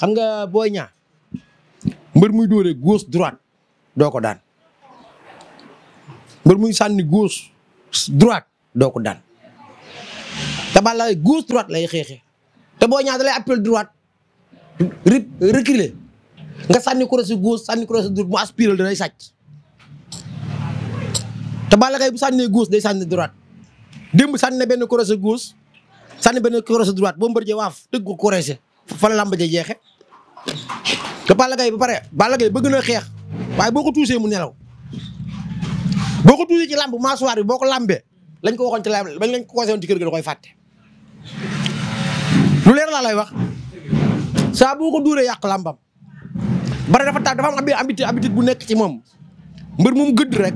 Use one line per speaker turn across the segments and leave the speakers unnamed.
xam nga Boy Niang mbër muy dóoree gauche droite doo ko daan mbër muy sànni gauche droite doo ko daan te Balla gauche droite lay xeexee te Boy Niang da lay appel droite reculer nga sanni croisé gauche sànni croisé droite mu aspiré da lay sàcc te Balla Gaye bu sànnee gauche day sànni droite démb sànni benn croisé gauche sànni benn croisé droite boo mbër jee waaf dëgg ko croisé fa lamba làmb ja jeexe te Balla Gaye ba pare Balla bëgg na xeex waaye boo ko tuusee mu nelaw boo ko tuusee ci làmb maasoir bi boo ko lambee lañ ko waxoon ci làmb bañ lañ ko conseillé woon ci kër ga da koy fàtte lu leer laa lay wax saa boo ko duuree yàq làmbam bare dafa tax dafa am habitude habitude bu nekk ci moom mbër mu mu gëdd rek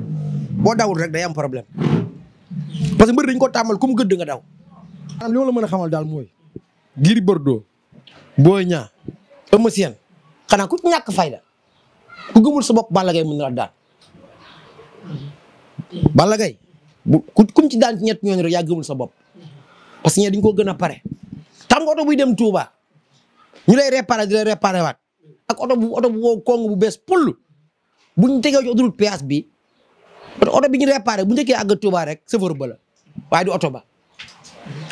boo dawul rek day am problème parce que mbër dañ ko tàmmal ku mu gëdd nga daw maanaam li la mën a xamal daal mooy Gris Bordeaux Boy Niang Eumeu Sène ku ñàkk fayda ku gëmul sa bopp Balla Gaye mën na daan Balla Gaye bu kum ci daan ci ñett ñooñu rek yaa gëmul sa bopp parce que dañ ko gën a pare xam nga oto buy dem tuuba ñu lay réparé di lay waat ak oto bu oto bu wow kong bu bees pull bu ñu tegee ci autoroute péage bi oto bi ñu réparé bu njëkkee àgg Touba rek chauffeur ba la waaye du oto ba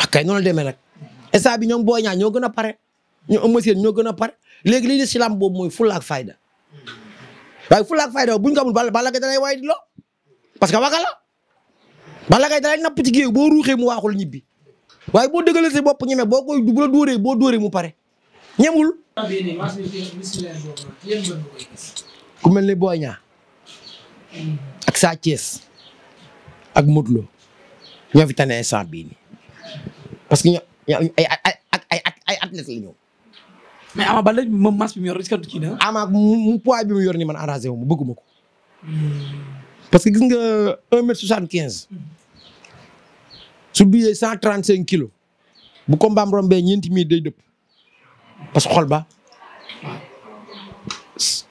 akay noonu la demee nag instant bi ñoom Boy Niang ñoo gën a pare ñu Eumeu Sène ñoo gën a pare léegi li ñu si làmb boobu mooy fulla ak fayda waaye fulla ak fayda bu ñu ko amul Balla Gaye dalay waay di loo parce que waga la Balla Gaye dalay napp ci géew boo ruuxee mu waaxul ñibbi waaye boo dëgalee sa bopp ñeme boo koy bu la dóoree boo dóoree mu pare ñemul. ku mel ni Boy Niang ak Sa Thiès ak tane instant bii parce que ñoo ay ay la ñu mais Ama Baldé bi mu yor est-ce que du ci na. Ama mu poids bi mu yor ni man arrangé wu ma bëgguma ko. parce que gis nga 1 mètre 75. su duyee 135 kilos. bu ko mbaam rombee ñeenti mille day dëpp. parce que xol ba.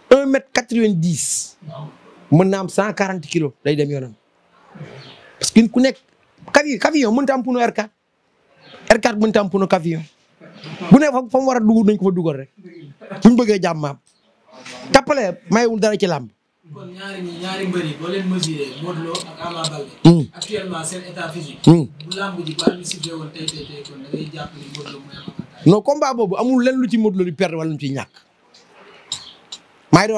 1 mètre 90. mën naa am 140 kilos day dem yoonam. parce que ku nekk. cavillon cavillon mënut a am pneu R4. R4 mënut a bu ne fa mu war a dugg nañ ko fa dugal rek buñ bëggee jàmmaam tappale mayewul dara ci làmb. kon ñaari ñi ñaari mbër yi leen mesuré Modou hmm. seen état physique. Hmm. bu làmb ji ni Modou Lo mooy avantage. non combat boobu amul lenn lu ci Modou Lo di perdre wala ci ñàkk maa ngi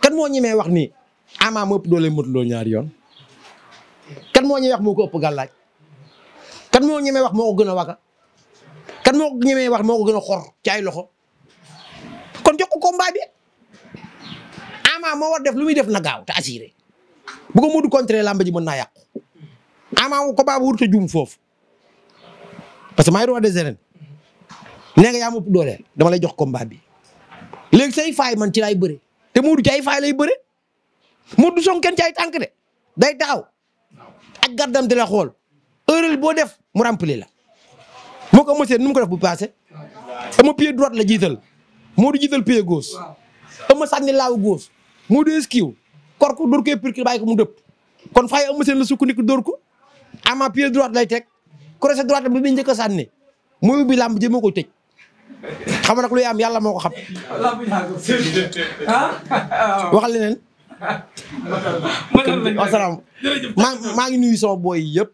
doon moo ñemee wax ni Ama moo ëpp doole Modou Lo ñaari yoon kan moo ñemee wax moo ko ëpp gàllaaj wax moo gën a waka moo ko ñemee wax moo ko gën a xor ci ay loxo kon jox ko combat bi Ama moo war def lu muy def na gaaw te assuré bu ko Modou contrer làmb ji mën naa yàqu Ama ko combat bu wurtu foofu parce que maa ngi roi des arènes yaa ma dooleel dama lay jox combat bi léegi say faay man ci laay bëre te Modou ci ay faay lay bëre Modou song kenn ci ay de day taxaw ak gardam di la xool boo def mu rempli la. moo ko Eumeu Sène nu mu ko def bu passé Eumeu pied droite la jiital moo du jiital pied gauche Eumeu sànni laaw gauche moo du esquive kor ko dóor koy pirki bàyyi ko mu dëpp kon fay Eumeu Sène la sukkandiku dóor ko ama pied droite lay teg bi muy njëkk a sànni muy ubbi làmb ji moo koy tëj xam am yàlla moo ko xam maa ah. maa ngi nuyu sama booy